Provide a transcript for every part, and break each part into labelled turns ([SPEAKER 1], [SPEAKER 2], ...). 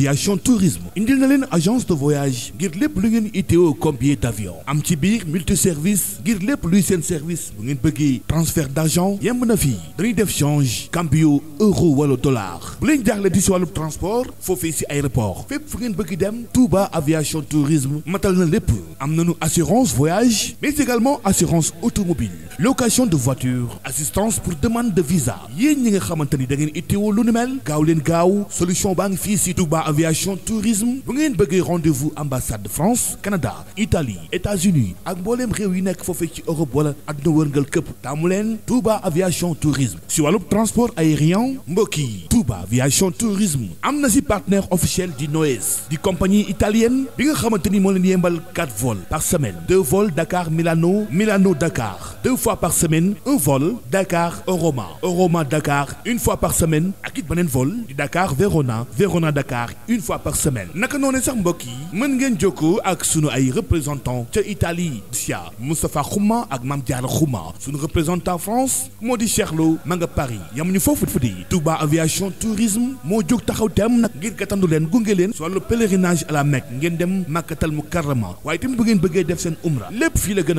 [SPEAKER 1] aviation tourisme indil na leen agence de voyage ngir lépp lu ngeen itoo comme billet d'avion am ci biir multiservice ngir lépp luy seen service bu ngeen bëggee transfert d'argent yemb na fii dañuy def change cambio euro wala dollar bu leen jaaxle di si wàllu transport foofee si aéroport fépp fu ngeen bëgg dem Touba aviation tourisme matal na lépp am nañu assurance voyage mais également assurance automobile location de voiture assistance pour demande de visa yéen ñi nga xamante ni da ngeen itteewoo lu ni mel gaaw leen gaaw solution baa ngi fii si Touba aviation tourisme bu ngeen bëggee rendez-vous ambassade de France Canada Italie États-Unis ak mbooleem réew yi nekk foofee ci Europe wala àdduna wërngal këpp taamu leen Touba aviation tourisme si wàllub transport aérien mbokk yi Touba aviation tourisme am na si partenaire officiel di Noes di compagnie italienne bi nga xamante ni moo leen yembal 4 vols par semaine 2 vols Dakar Milano Milano Dakar 2 fois par semaine un vol Dakar Oroma Oroma Dakar une fois par semaine ak it beneen vol di Dakar Verona Verona Dakar une fois par semaine naka noonu sax mbokk yi mën ngeen jokkoo ak sunu ay représentant ca Italie sia Moustapha Xuma ak Mame Diarra Xuma sunu représentant France moo di Cheikh Lo ma nga Paris yamuñu foofu di Touba aviation tourisme moo jóg taxaw teem nag ngir gàttandu leen gunge leen si wàllu pèlerinage à ngeen dem Makkatal Mukarrama waaye tamit bu ngeen bëggee def seen umra lépp fii la gën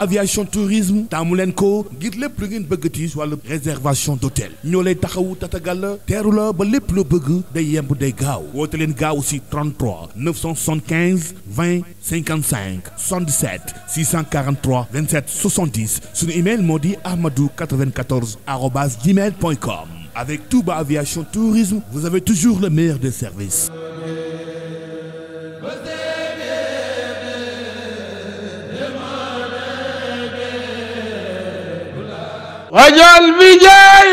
[SPEAKER 1] a tourisme taamu leen ko ngir lépp lu ngeen bëgg ci wàllu réservation d'hôtel ñoo lay taxawu tatagal la teeru la ba lépp loo bëgg day yemb day gaaw woote leen gaaw si 33 975 20 55 77 643 27 70 suñu email moo di ahmadou 94 arobase gmail point com avec Touba Aviation Tourisme vous avez toujours le meilleur des services
[SPEAKER 2] wajal bi jaay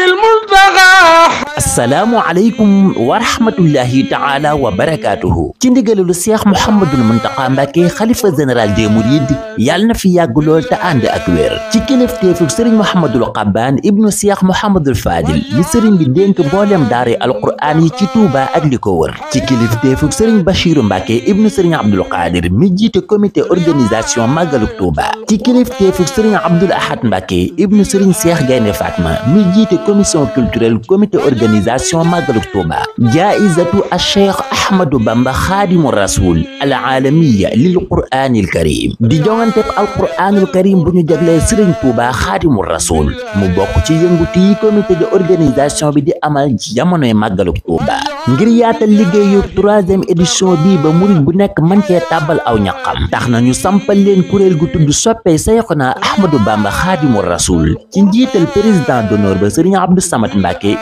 [SPEAKER 3] asalaamualeykum wa rahmatullahi taala wa barakaatuhu ci ndigalalu seex Muhammadul Muntaqa Mbàkke xalifa général des mourides yàlla na fi yàgg lool te ànd ak wér ci kilifteefu sëriñ Muhammadul Xabbaan ibnu seex Muhammadul Faadil li sëriñ bi dénk mboolem daare alquraan yi ci Tuuba ak li ko wër ci kilifteefu sëriñ Bachiru Mbàkke ibnu sëriñ Abdul Qaadir mi jiite comité organisation màggaluk Tuuba ci kilifteefu sëriñ Abdul Ahad Mbàkke ibnu sëriñ seex Gaynde Fatma mi jiite commission culturelle comité organisation organisation Magalou Touba jaa'izatu Cheikh Ahmadou Bamba Xaadimu Rasul al aalamiya lil Qur'aanil Karim di jongante al Qur'aanil Karim bu ñu jagleel Serigne Touba Xaadimu Rasul mu bokk ci yënguti yi comité de organisation bi di amal ci jamonoy Magalou Touba ngir yaatal liggéeyu troisième édition bi ba murid bu nekk man cee tàbbal aw ñaqam tax na ñu sampal leen kuréel gu tudd soppe Seyxuna Ahmadou Bamba Xaadimu Rasul ci njiital président d'honneur ba Serigne Abdou Samad Mbacke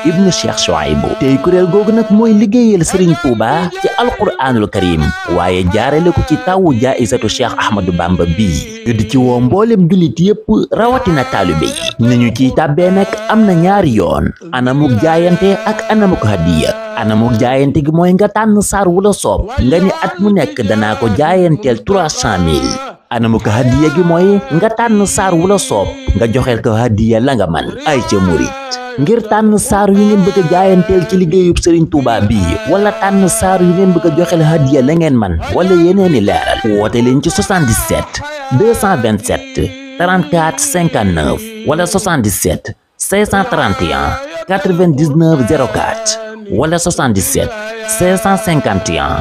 [SPEAKER 3] Souhaïbou tey kuréel googu nag mooy liggéeyal Serigne Touba ci alquraanul karim waaye jaarale ko ci tawu jaaisatu Cheikh Ahmadou Bamba bii ñu di ci woo mboolem jullit yépp rawatina taalibe yi nañu ci tàbbee nag am na ñaari yoon anamuk jaayante ak anamuk hadiya anamuk jaayante gi mooy nga tànn saar wula la soob nga ni at mu nekk danaa ko jaayanteel trois cent mille anamuk hadiya gi mooy nga tànn saar wula la soob nga joxeel ko hadiya la nga man ay ca murit ngir tànn saar yu ngeen bëgg a jaayanteel ci liggéeyub Serigne Touba bii wala tànn saar yu ngeen bëgg a joxel hadiya la ngeen man wala yeneen i leeral woote leen ci 77 227 34 59 wala 77 531 99 04 wala 77 551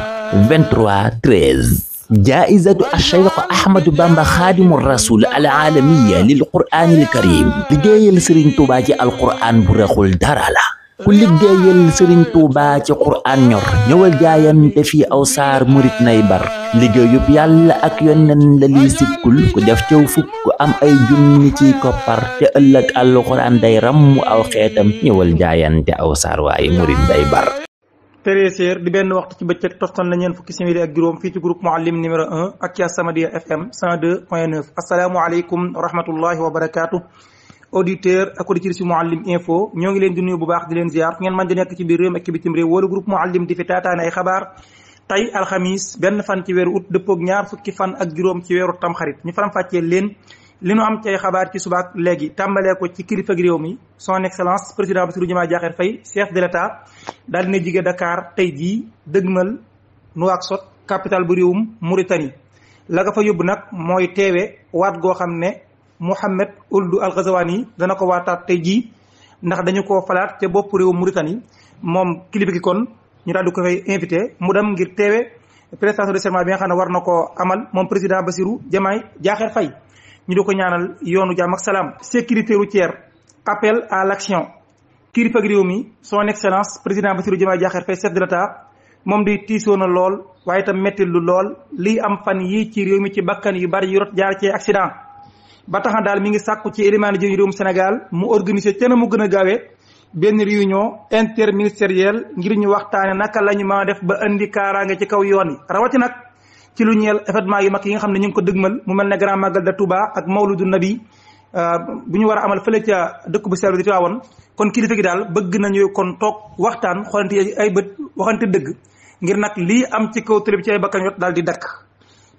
[SPEAKER 3] 23 13 jaaizatu acheikh ahmadou bamba xaadimu rasul al alamiya lil quraanil karim liggéeyal sëriñ tuubaa ci alquraan bu raxul dara la ku liggéeyal sëriñ tuubaa ci quraan ñor ñëwal jaayante fii aw saar murit nay bar liggéeyub yàlla ak yonen la liy sikkul ku def tew fukk am ay junni ci koppar te ëllëg alquraan day ram mu aw xeetam ñëwal jaayante aw saar waaye murit day bar
[SPEAKER 2] téréseer di benn waxtu ci bëccëg toftan na ñeen fukki simili ak juróom fii ci groupe Mouhalim numéro 1 ak ci As-Samadiyya FM 102 point 9 asalaamualeykum wa rahmatullahi wa barakaatu auditeur ak auditrice yu Mouhalim info ñoo ngi leen di nuyu bu baax di leen ziar fu ngeen mën di nekk ci biir réew mi ak ci bitim réew wala groupe Mouhalim di fi taataane ay xabaar tey alxamis benn fan ci weeru ut dëppoog ñaar fukki fan ak juróom ci weeru tamxarit ñu faram fàccee leen li nu am cay xabaar ci subaak léegi tàmbalee ko ci kilifa réew mi son excellence président Bassirou Diomaye Diakhar Faye chef de l'état daal dina jige dakaar tey jii dëgmal Nouakchott capital bu réewum Mauritanie la nga fa yóbbu nag mooy teewe waat goo xam ne Mohamed Ould Al-Ghazawani dana ko waataat tey jii ndax dañu ko falaat ca bopp réewum Mauritanie moom kilifa ki kon ñu daal di ko invité mu dem ngir teewe prestation de serment bi nga xam ne war na koo amal moom président Bassirou Diomaye Diakhar Faye ñu di ko ñaanal yoonu jàmm ak salaam. sécurité routière appel à l' action kilifa réew mi son excellence président Bassirou Diomaye Diakhar Faye chef de l' état moom di tiisoo na lool waaye itam métti lu lool liy am fan yii ci réew mi ci bakkan yu bari yu rot jaar cee accident. ba tax na daal mi ngi sàkku ci élimaani jëw réewum Sénégal mu organisé te mu gën a gaawee benn réunion interministérielle ngir ñu waxtaane naka la ñu mën def ba indi kaaraange ci kaw yoon yi rawati ci lu ñeel événement yu mag yi nga xam ne ñu ngi ko dëgmal mu mel ne grand magal de Touba ak mawludu nabi euh, bu ñu war a amal fële ca dëkk bu sell di Tiwaawoon kon kilifa gi daal bëgg nañu kon toog waxtaan xoolante ay bët waxante dëgg ngir nag lii am ci kaw télé bi ci ay bakkan yot daal di dakk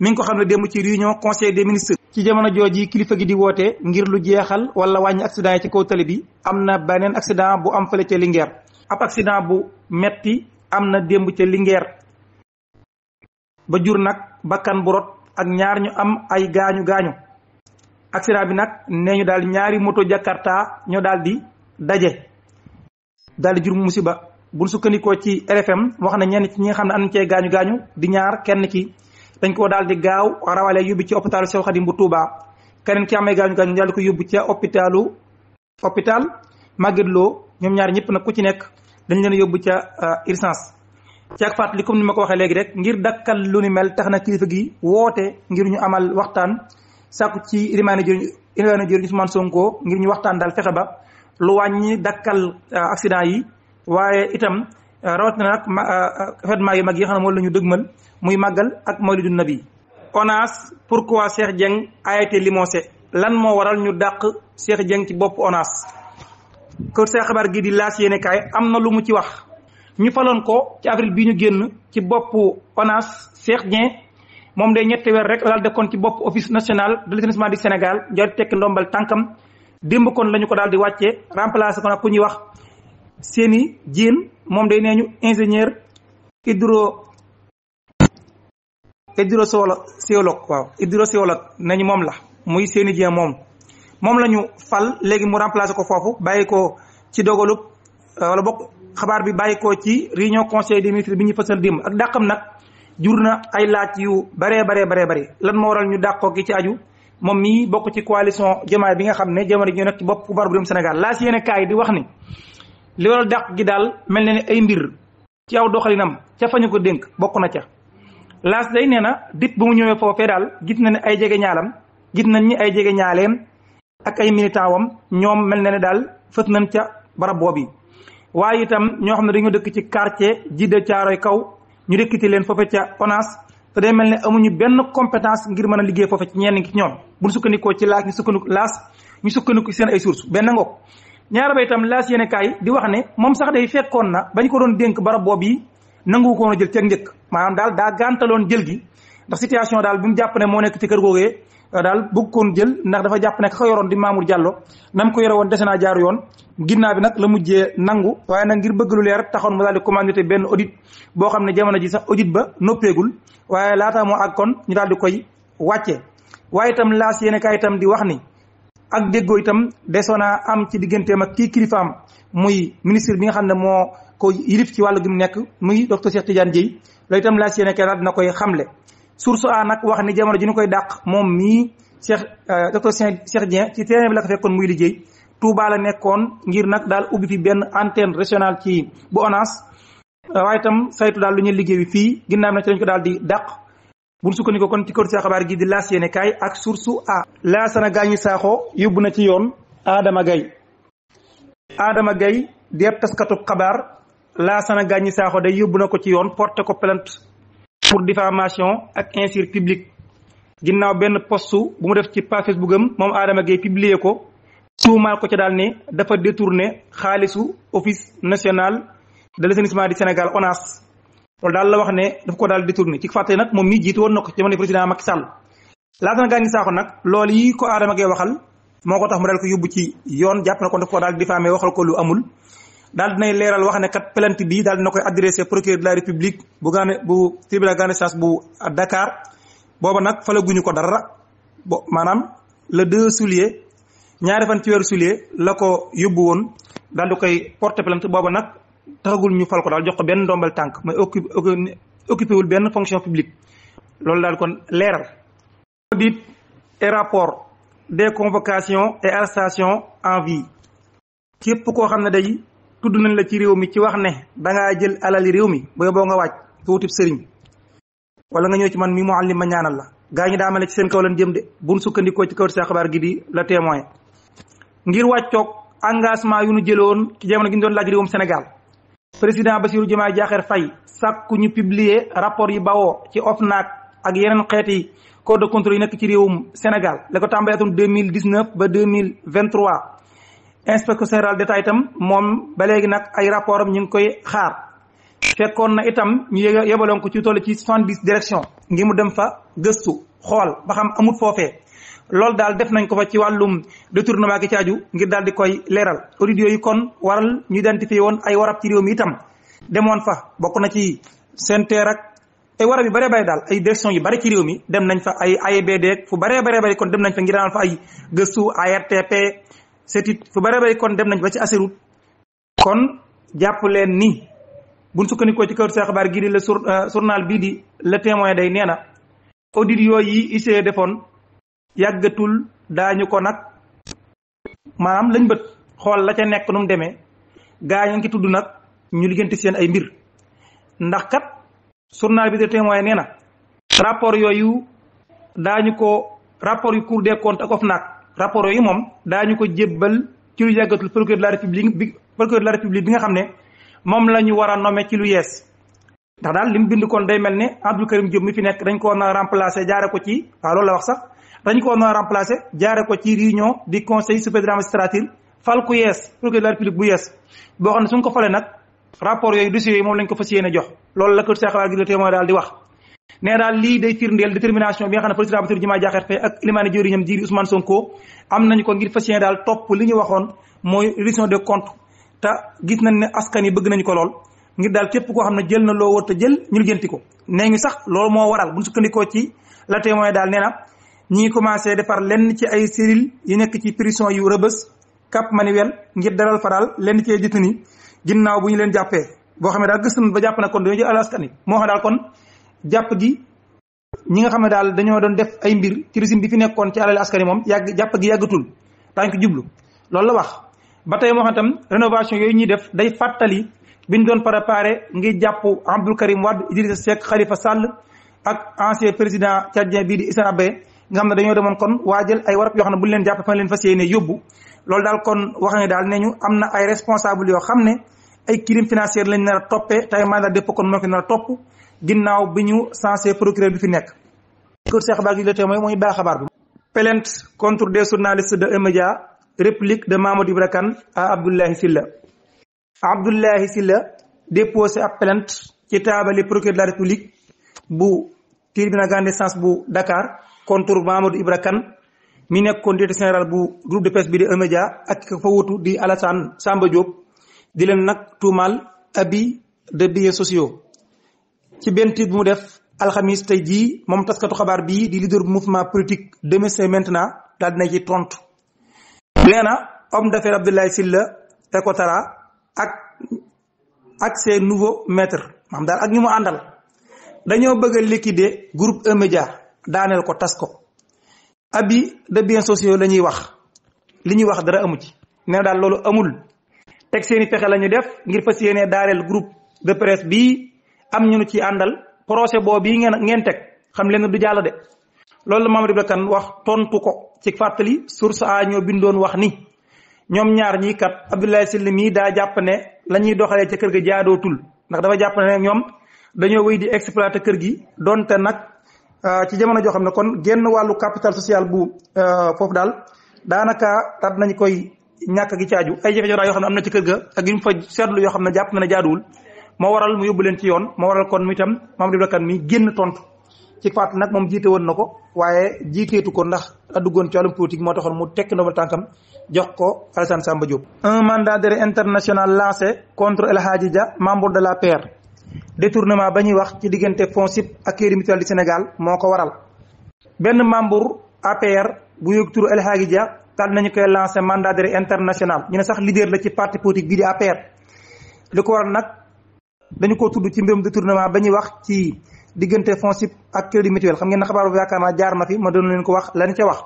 [SPEAKER 2] mi ngi ko xam ne démb ci réunion conseil des ministres ci jamono jooji kilifa gi di woote ngir lu jeexal wala wàññi accident yi ci kaw télé bi am na beneen accident bu am fële ca Linguère ab bu metti am na démb ca Linguère ba jur nag bakkan bu rot ak ñaar ñu am ay gaañu gaañu accident bi nag nee ñu daal ñaari moto jakarta ñoo daal di daje daal di jur musiba buñ sukkandikoo ci RFM wax na ñenn ci ñi nga xam ne am cee gaañu gaañu di ñaar kenn ki dañ koo daal di gaaw rawale yóbbu ci hôpital Cheikh Khadim bu Touba keneen ki amee gaañu gaañu ko yóbbu ca hôpitalu hôpital Magatte ñoom ñaar ñëpp nag ku ci nekk dañ leen yóbbu ca euh, urgence ci ak fàttali comme ni ma ko waxee léegi rek ngir dakkal lu ni mel tax na kilifa gi woote ngir ñu amal waxtaan sàkku ci rimaane jëriñ rimaane jëriñ Ousmane Sonko ngir ñu waxtaan daal fexe ba lu wàññi dakkal euh, accident yi waaye itam euh, rawatina nag euh, événement yu mag yi xam ne moom lañu ñu dëgmal muy màggal ak mawlidu nabi ONAS pourquoi Cheikh Dieng a été limogé lan moo waral ñu dàq Cheikh Dieng ci bopp ONAS kër sa xabaar gi di laas yéene kaay am na lu mu ci wax ñu faloon ko ci avril bi ñu génn ci boppu ONAS Cheikh Dieng moom day ñetti weer rek daal dekkoon ci boppu office national de l'assainissement du Sénégal jot tekk ndombal tànkam démb kon lañu ko daal di wàccee remplacé ko nag ku ñuy wax Seny Dieng moom day nee ñu ingénieur hydro hydrosciologue waaw hydrosciologue nañu moom la muy Seny Dieng moom moom la ñu fal léegi mu remplacé ko foofu bàyyi ko ci dogalub euh, wala bokk xabaar bi bàyyi ko ci réunion conseil des ministres bi ñu fësal démb ak dàqam nag jur na ay laaj yu baree baree baree bëri lan moo waral ñu dàqoo gi ci aju moom mii bokk ci coalition Diomaye bi nga xam ne jamono ji nekk ci bopp pouvoir bu réewum Sénégal laas yéen kaay di wax ni li waral dàq gi daal mel na ne ay mbir ci aw doxalinam ca fañu ko dénk bokk na ca laas day nee na dip bu mu ñëwee foofee daal gis na ne ay jege ñaalam gis nañ ni ay jege ñaaleem ak ay militant ñoom mel na ne daal fës nañ ca barab boobu waaye itam ñoo xam ne dañoo dëkk ci quartier jidda caaroy kaw ñu dëkkiti leen foofe ca ONAS te day mel ne amuñu benn compétence ngir mën a liggéey foofe ci ñenn ngi ñoom buñ sukkandikoo ci laas ñu sukkandiku laas ñu sukkandiku seen ay source benn ngoog ñaara ba itam laas yéene kaay di wax ne moom sax day fekkoon na bañ ko doon dénk barab boobu yi nangu jël ca njëkk maanaam daal daa gàntaloon jël gi ndax situation daal bi mu jàpp ne moo nekk ci kër googee daal bëgg koon jël ndax dafa jàpp ne ka ko yoroon di Mamour Diallo na mu ko yore woon dese naa jaaru yoon ginnaaw bi nag la mujjee nangu waaye nag ngir bëgg lu leer taxoon mu daal di benn audit boo xam ne jamono ji sax audit ba noppeegul waaye laata moo ak kon ñu daal di koy wàcce waaye itam laas yéene kaay itam di wax ni ak déggoo itam desoon naa am ci digganteem ak kii kilifaam muy ministre bi nga xam ne moo ko yilif ci wàllu gi mu nekk muy docteur Cheikh Tidiane Dièye loolu itam laas koy xamle source a nag wax ni jamono ji ñu koy dàq moom mii Cheikh euh, docteur Cheikh Dieng ci terrain bi la ko fekkoon muy liggéey Touba la nekkoon ngir nag daal ubbi fi benn antenne régional ci bu ONAS euh, waaye itam saytu daal lu ñuy liggéey bi fii ginaaw na ci lañ ko daal di dàq buñ sukkandiku kon ci kër si xabaar gi di laas yéene kaay ak source a laa sana gaañi saaxoo yóbbu na ci yoon aadama gay aadama gay di ab xabaar laa sana gaañi saaxoo de yóbbu na ko ci yoon porté ko pour diffamation ak injure publique ginaaw benn postu bu mu def ci page Facebook am moom Adama Gueye publier ko tuumaal ko ca daal ne dafa détourné xaalisu office national de l'assainissement du Sénégal ONAS loolu daal la wax ne dafa ko daal détourné ci fàtte nag moom mii jiitu woon na ko ci jamono président Macky Sall laata na gaa ngi saako nag loolu yi ko Adama Gueye waxal moo ko tax mu dal ko yóbbu ci yoon jàpp na ko dafa ko daal diffamé waxal ko lu amul daal dinay leeral wax ne kat plainte bi daal dina koy adressé procureur de la république bu gaane bu tribunal grande instance bu Dakar booba nag falaguñu ko dara bo maanaam le 2 juillet ñaari fan ci weeru juillet la ko yóbbu woon dal di koy porter plainte booba nag taxagul ñu fal ko daal jox ko benn ndombal tànk mais occu occupé wul benn fonction publique loolu daal kon leeral. audit et rapport des convocations et arrestations en képp koo xam ne day. tudd nañ la ci réew mi ci wax ne dangaa jël alali réew mi booy boo nga wàcc tuutib sëriñ wala nga ñëw ci man mi mu àllim ma ñaanal la gaa ñi daa mel ne ci seen kaw lan jëm de buñ sukkandikoo ci kaw sa xabaar gi di la témoin ngir wàccoog engagement yu ñu jëloon ci jamono gi ñu doon laaj réewum Sénégal président Bassirou Diomaye Diakhar Faye sàkku ñu piblier rapport yi bawoo ci OFNAC ak yeneen xeeti code de contrôle yi nekk ci réewum Sénégal la ko tàmbalee atum 2019 ba 2023 inspecteur général d'État itam moom ba léegi nag ay rapport am ñu ngi koy xaar fekkoon na itam ñu yebaloon ko ci toll ci soixante-dix direction ngi mu dem fa gëstu xool ba xam amut foofee loolu daal def nañ ko fa ci wàllum détournement gi ci aju ngir daal di koy leeral audit yi kon waral ñu identifié woon ay warab ci réew mi itam demoon fa bokk na ci SENTER ak ay warab yi bare bëri daal ay direction yu bëri ci réew mi dem nañ fa ay AIBD e fu bëree bëree bëri kon dem nañ fa ngir daal fa ay gëstu setit fu bare bay kon dem nañ ba ci asirut kon jàpp leen ni buñ sukkandikoo ci kaw sa xabaar gii di la euh, journal bii di le témoin day nee na audit yooyu yi ICA defoon yàggatul daañu ko nag maanaam lañ bët xool la ca nekk nu mu demee gaañu ngi tudd nag ñu liggéenti seen ay mbir ndax kat surnal bi de témoin nee na rapport yooyu daañu ko rapport yu Cour des comptes ak OFNAC rapport yi moom daañu ko jébbal ci lu yàggatul procureur de la république bi procureur de la république bi nga xam ne moom la ñu war a nommé ci lu yees ndax daal li mu bind koon day mel ne Abdou Karim Diop mi fi nekk dañ ko woon a remplacé jaare ko ci waaw loolu la wax sax dañ ko woon a remplacé jaare ko ci réunion di conseil supérieur de la magistrature fal ku yees procureur de la république bu yees boo xam ne suñ ko falee nag rapport yooyu dossiers yooyu moom jox loolu la ko daal di wax nee daal lii de firndeel détermination bi nga xam ne président Bassirou Diomaye Diakhar Faye ak limaane jëwriñam jiiri Ousmane Sonko am nañu ko ngir fas yéene daal topp li ñu waxoon mooy reddition des comptes te gis nañ ne askan yi bëgg nañu ko lool ngir daal képp koo xam ne jël na loo war jël ñu lijjanti ko nee ñu sax loolu moo waral bu ñu sukkandikoo ci la témoin daal nee na ñi ngi commencé defar lenn ci ay cellule yi nekk ci prison yu rëbës Cap Manuel ngir dalal faral lenn ci ay détenu ginnaaw bu ñu leen jàppee boo xam ne daal jàpp na kon dañoo jël àll askan yi moo jàpp gi ñi nga xam ne daal dañoo doon def ay mbir ci régime bi fi nekkoon ci alal askari moom yàgg jàpp gi yàggatul daañu ko jublu loolu la wax. ba tey moo xam tam rénovation yooyu ñuy def day fàttali bi ñu doon préparé ngir jàpp Abdou Karim Wade Idrissa Seck Khalifa Sall ak ancien président tchadien bii di Hissène Habré nga xam ne dañoo demoon kon waajal ay warab yoo xam ne bu ñu leen jàpp fa leen fas yéene yóbbu lool daal kon wax nga daal ne ñu am na ay responsable yoo xam ne ay crime financier lañ nar a toppee tey mandat kon moo ko nar ginnaaw bi ñu censé procureur bi fi nekk kër Cheikh Ba gi la témoin mooy baax xabaar bi plainte contre des journalistes de E-Media réplique de Mamadou Ibra Kane à Abdoulaye Sylla Abdoulaye Sylla déposé ab plainte ci taabali procureur de la République bu tribunal grande instance bu Dakar contre Mamadou Ibra kan mi nekkoon directeur général bu groupe de presse bi di E-Media ak fa wutu di Alassane Samba Diop di leen nag tuumaal abus de billets sociaux ci benn bu mu def alxamis tey jii moom taskatu xabaar bii di leader bu mouvement politique Demain c'est maintenant daal dina ci tontu. nee na homme d'affaires Abdoulaye Sylla Ecotara ak ak ses nouveaux mètre maam daal ak ñu mu àndal dañoo bëgg likide groupe E-Media daaneel ko tas ko. abi de biens sociaux la wax li ñuy wax dara amu ci nee daal loolu amul teg seen fexe pexe def ngir fas yéene daaneel groupe de presse bii. am ñu nu ci àndal procès boobu yi ngeen ngeen teg xam leen du jàll de loolu la Mamadou Ibra Kane wax tontu ko ci fàttali source a ñoo bindoon wax ni ñoom ñaar ñii kat Abdoulaye Sylla mii daa jàpp ne la ñuy doxalee ca kër ga jaadootul ndax dafa jàpp ne ñoom dañoo wéy di exploiter kër gi donte nag euh, ci jamono joo xam ne kon genn wàllu capital social bu euh, foofu daal daanaka daat nañu koy ñàkk gi caaju ay jafe-jafe yoo ne am na ci kër ga ak yu mu fa seetlu yoo xam ne jàpp na ne moo waral mu yóbbu leen ci yoon moo waral kon itam Mamadou Ibra Kane mi génn tontu ci fàtt nag moom jiite woon na ko waaye jiiteetu ko ndax addugoon ci wàllum politique moo taxoon mu tekki ndombal tànkam jox ko Alassane Samba Diop. un mandat d'arrêt international lancé contre El ja Dia membre de l'APR détournement ba ñuy wax ci diggante FONSIP ak Crédit Mutuel du Sénégal moo ko waral. benn membre APR bu yëg turu El Hadji Dia daal nañu koy lancé mandat d'arrêt international ñu sax leader la ci parti politique bii di APR dañu ko tudd ci mbirum détournement ba ñuy wax ci diggante FONSIP ak crédit mutuel xam ngeen na xabaar bu yaakaar naa jaar na fi ma doon leen ko wax lañ ca wax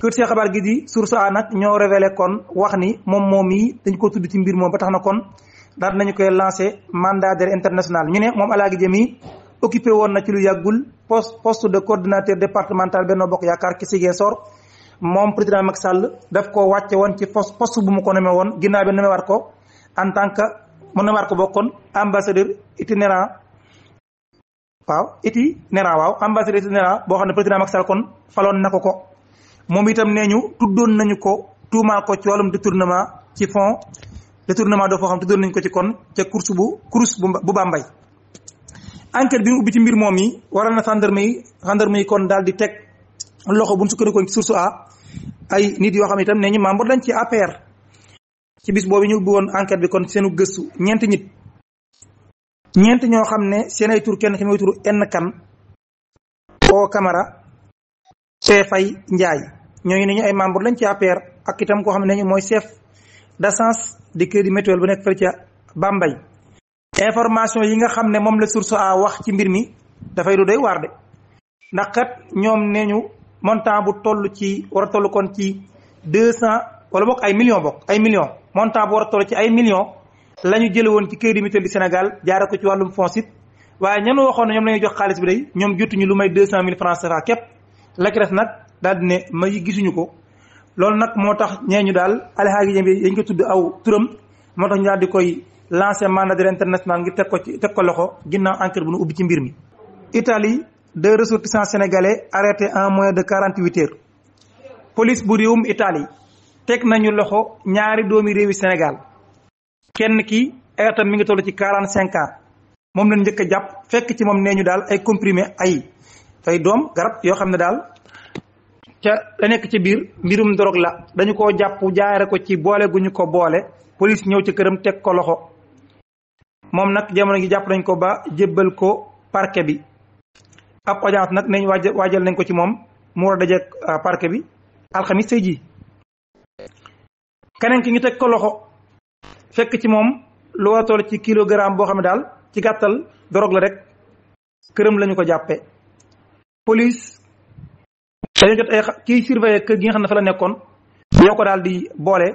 [SPEAKER 2] kër xabaar gi di source a nag ñoo révélé kon wax ni moom moom yi dañ ko tudd ci mbir moom ba tax na kon daal nañu koy lancé mandat d'arrêt international ñu ne moom Alla Gueye mi occupé woon na ci lu yàggul poste poste de coordinateur départemental Benno Bokk Yaakaar ki Ziguinchor moom président Macky Sall daf ko wàcce woon ci poste poste bu mu ko nommé woon ginnaaw bi nommé waat ko en tant que mën na marque bokkoon ambassadeur itinérant waaw itinérant waaw ambassadeur itinérant boo xam ne président Macky Sall kon faloon na ko moom itam nee ñu tuddoon nañu ko tuumaal ko ci wàllum détournement ci fond détournement doo foo xam tuddoon nañu ko ci kon ca course bu course bu Bambey enquête bi mu ubbi ci mbir moom yi waral na gendarme yi gendarme yi kon daal di teg loxo bu ñu sukkandikoon ci source a ay nit yoo xam ne itam nee ñu membre lañ ci APR ci bis boobu ñu ubbi woon enquête bi kon seenu gësu ñeenti nit ñeent ñoo xam ne seen ay tur kenn ki mooy turu enn kan oo Camara Fay Njaay ñooñu ne ñu ay membre lañ ci APR ak itam koo xam ne mooy chef d'agence di crédit mutuel bu nekk fële ca Bambey information yi nga xam ne moom la source a wax ci mbir mi dafay lu doy waar de ndax kat ñoom nee ñu montant bu toll ci war a toll kon ci deux cent wala bokk ay millions bokk ay millions montant bu war a ci ay millions la ñu jële woon ci Crédit Mutuel du Sénégal jaare ko ci wàllum FONSIS waaye ñan waxoon ne ñoom la ñuy jox xaalis bi day ñoom jotuñu lu may deux cent mille francs CFA képp la nag daal di ne ma yi gisuñu ko loolu nag moo tax ñee ñu daal alxaaji bi dañ ko tudd aw turam moo tax ñu daal di koy lancé mandat d'arrêt international ngir teg ko ci teg ko loxo ginnaaw enquête bu nu ubbi ci mbir mi Italie deux ressortissants sénégalais arrêtés en moins de quarante-huit heures police bu réewum Italie teg nañu loxo ñaari doomi réewi Sénégal kenn ki ay atam mi ngi toll ci quarante cinq moom lañ njëkk jàpp fekk ci moom nee ñu daal ay comprimé ay ay doom garab yoo xam ne daal ca la nekk ci biir mbirum dorog la dañu ko jàpp jaare ko ci boole gu ñu ko boole police ñëw ci këram teg ko loxo moom nag jamono gi jàpp nañ ko ba jébbal ko parquet bi ab audience nag nañ waajal nañ ko ci moom mu war a daje ah, parquet bi alxamis tey ji keneen ki ñu teg ko loxo fekk ci moom lu war a toll ci kilogramme boo xam ne daal ci gàttal dorog la rek këram lañu ko jàppe police dañu jot ay kiy kër gi nga xam ne fa la nekkoon ñoo ko daal di boole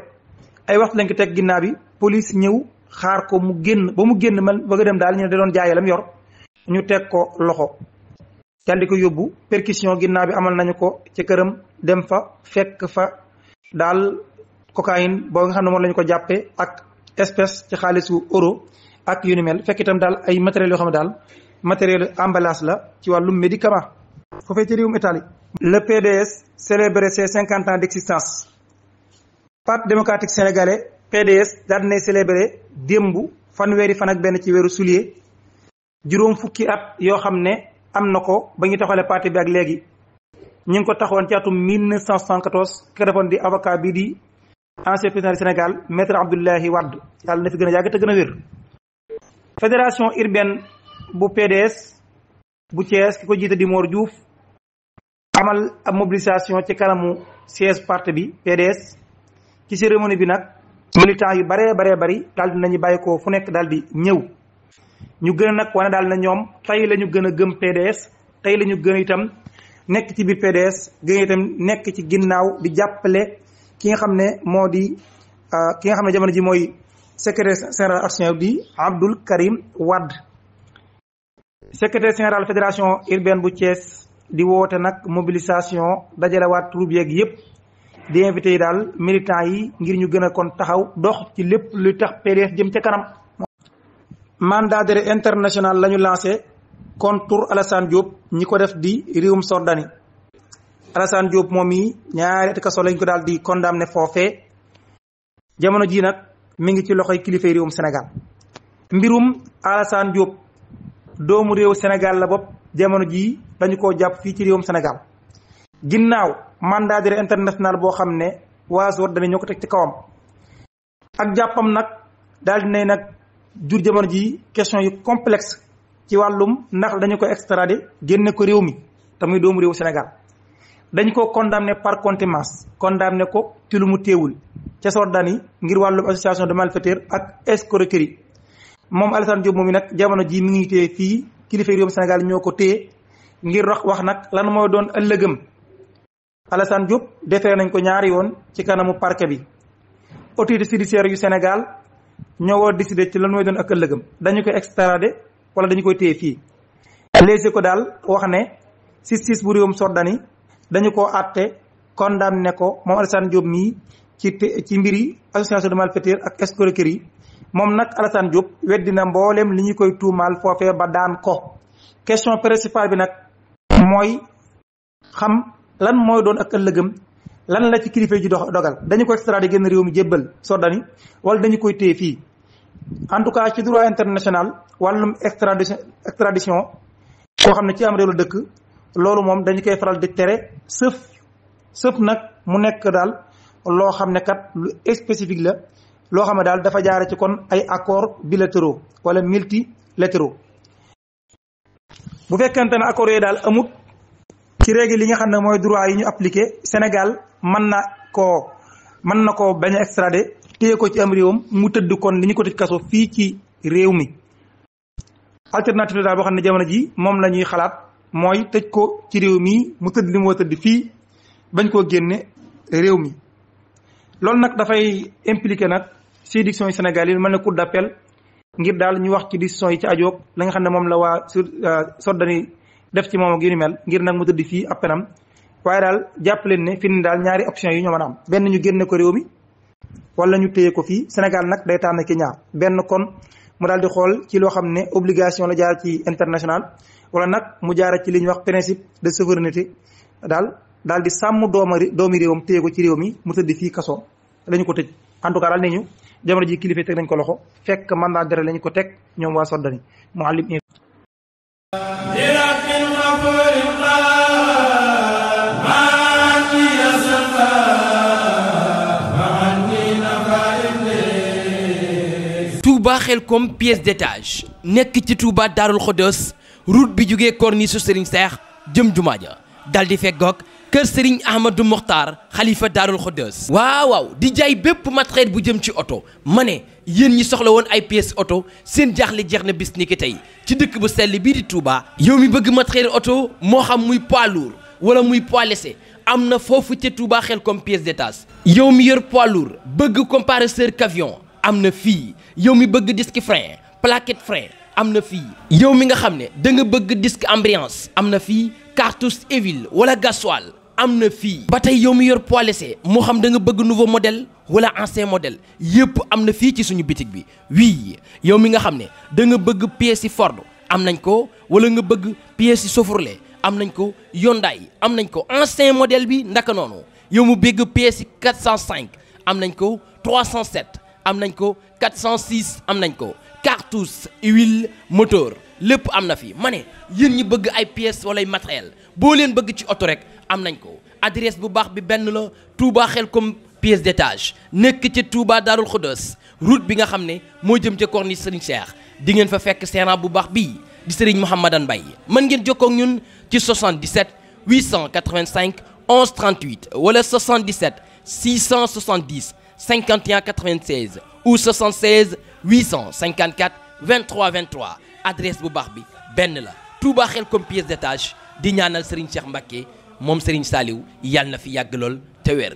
[SPEAKER 2] ay waxtu lañ ko teg ginnaaw bi police ñëw xaar ko mu génn ba mu génn man bëgg a dem daal ñu ne da doon jaayee lam yor ñu teg ko loxo daal ko yóbbu perquisition ginnaaw bi amal nañu ko ci këram dem fa fekk fa daal cocaïne boo nga xam ne moo la ko jàppe ak espèce ci xaalisu euro ak yu ni fekk itam daal ay matériels yoo xam ne daal matériel emballage la ci wàllum médicament foofee ci réewum Italie le PDS célèbre cinquante ans d' existence parti démocratique sénégalais PDS daal dinay célébré démb fanweeri fan ak benn ci weeru juillet juróom fukki at yoo xam ne am na ko ba ñu taxalee parti bi ak léegi ñu ngi ko taxawoon ci atum 1974 ki defoon di avocat bi di ancien président du Sénégal maître Abdoulaye Wade yàlla na fi gën a yàgg te gën wér fédération urbaine bu PDS bu Thiès ki ko jiite di Mor Diouf amal ab mobilisation ci kanamu siège part bi PDS ci cérémonie bi nag militants yu baree baree bari daal nañu bàyyi ko fu nekk daal di ñëw ñu gën a nag wane daal na ñoom tey lañu ñu gën a gëm PDS tey lañu ñu gën a itam nekk ci biir PDS gën itam nekk ci ginnaaw di jàppale ki nga xam ne moo di euh, ki nga xam ne jamono ji mooy secrétaire général action di Abdoul Karim wadd secretaire général fédération urbaine bu Thiès di woote nag mobilisation dajalewaat troupe yeeg yëpp di invité yi daal militants yi ngir ñu gën a kon taxaw dox ci lépp luy tax PDS jëm ca kanam mandat d'arrêt international la ñu lancé contre Alassane Diop ñi ko def di réewum Sordani Alassane Diop moom yi ñaari at kaso lañ ko daal di condamné foofee jamono ji nag mi ngi ci loxoy kilifa réewum senegal mbirum Alassane Diop doomu réew Sénégal la bopp jamono ji dañu ko jàpp fii ci réewum senegal ginnaaw mandat d'arrêt international boo xam ne waa Zor ñoo ko teg ci kawam ak jàppam nag daal di ne nag jur jamono ji question yu complexe ci wàllum ndax dañu ko extradé génne ko réew mi te doomu réew senegal dañ ko condamné par contumace condamné ko ci lu mu téewul ca soldani ngir wàllum association de malfaiteurs ak escroquerie moom Alassane Diop moom mi nag jamono ji mu ngi téye fii kilifa réewum Sénégal ñoo ko téye ngir wax wax nag lan mooy doon ëllëgëm Alassane Diop defee nañ ko ñaari yoon ci kanamu parquet bi autorité judiciaire yu Sénégal ñoo war a décider ci lan mooy doon ak ëllëgëm dañu koy extradé wala dañu koy téye fii léegi ko daal wax ne justice bu réewum soldani dañu koo àtte ne ko moom Alassane Diop mii ci ci mbiri association de malfaiteurs ak escroquerie moom nag Alassane Diop weddi na mbooleem li ñu koy tuumaal foofee ba daan ko question principale bi nag mooy xam lan mooy doon ak ëllëgam lan la ci kilifa ji dox dogal dañu koy extradé génn réew mi jébbal Soodani wala dañu koy téye fii en tout cas ci droit international wàllum extradition extradition koo xam ne ci am réew la dëkk loolu moom dañu koy faral di tere sëf sëf nag mu nekk daal loo xam ne kat lu spécifique la loo xam ne daal dafa jaare ci kon ay accords bilatéraux wala multilatéraux bu fekkente ne accords yooyu daal amut ci règle li nga xam ne mooy droit yi ñu appliqué senegal mën na ko mën na koo bañ a extradé téye ko ci am réewam mu tëdd kon li ñu ko tëj kaso fii ci réew mi alternative daal boo xam ne jamono ji moom la ñuy xalaat mooy tëj ko ci réew mii mu tëdd li mu tëdd fii bañ koo génne réew mi loolu nag dafay impliqué nag séduction yi Sénégal yi mel ne cour d'appel ngir daal ñu wax ci décision yi ci ajoog la nga xam ne moom la waa sur euh, soddani def ci moom ak yu mel ngir nag mu tëdd fii ab waaye daal jàpp leen ne fi ni daal ñaari option yi ñoo man a am benn ñu génne ko réew mi wala ñu téye ko fii Sénégal nag day tànn ki ñaar benn kon mu daal di xool ci loo xam ne obligation la jaar ci international wala nag mu jaara ci li ñuy wax principe de souveraineté daal daal di sàmm dooma doomi réewam téye ko ci réew mi mu tëdd fii kaso lañu ko tëj en tout cas daal ne ñu jamono ji kilifa teg nañ ko loxo fekk mandat dara lañu ko teg ñoom waa soddani muallim
[SPEAKER 4] Touba Xelkom pièce d'étage nekk ci Touba Darou Khoudoss route bi jugee corniche su Serigne Seex jëm jumaa ja dal di feggoog kër Serigne Ahmadou Mokhtar xalifa Daarul Xoddees. waaw di jaay bépp matériel bu jëm ci oto ma ne yéen ñi soxla woon ay pièces oto seen jaaxle jeex na bis ni ki tey ci dëkk bu sell bii di Touba. yow mi bëgg matériel oto moo xam muy poids lourd wala muy poids léger am na foofu ca Touba xel comme pièce détachée. yow mi yor poids lourd bëgg comparateur camion am na fii yow mi bëgg disque frein plaquette frein. am na fii yow mi nga xam ne danga bëgg disque ambiance am na fii cartouche Evil wala gasoil am na fii ba tey yow mi yor poids laissé moo xam da nga bëgg nouveau modèle wala ancien modèle yëpp am na fii ci suñu bitig bi wii yow mi nga xam ne danga bëgg pièces yi Ford am nañ ko wala nga bëgg pièces yi Chevrolet am nañ ko Hyundai am nañ ko ancien modèle bi ndaka noonu yow mu bëgg pièces yi 405 am nañ ko 307 am nañ ko 406 am nañ ko cartouche huile moteur lépp am na fi ma ne yéen ñi bëgg ay pièces wala matériel boo leen bëgg ci oto rek am nañ ko adresse bu baax bi benn la Touba Xelcom pièce d'étage nekk ca Touba daarul Khoudous route bi nga xam ne moo jëm ca corniche Serigne Cheikh di ngeen fa fekk seeraan bu baax bii di Serigne Mouhamadan Mbaye mën ngeen jokkoo ak ñun ci 77 885 11 38 wala 77 670 51 96 ou 76. 854 23 23 adresse bu baax bi benn la Touba Xelcom pièce détache di ñaanal Serigne Cheikh Mbacké moom Serigne Saliou yàlla na fi yàgg lool te weer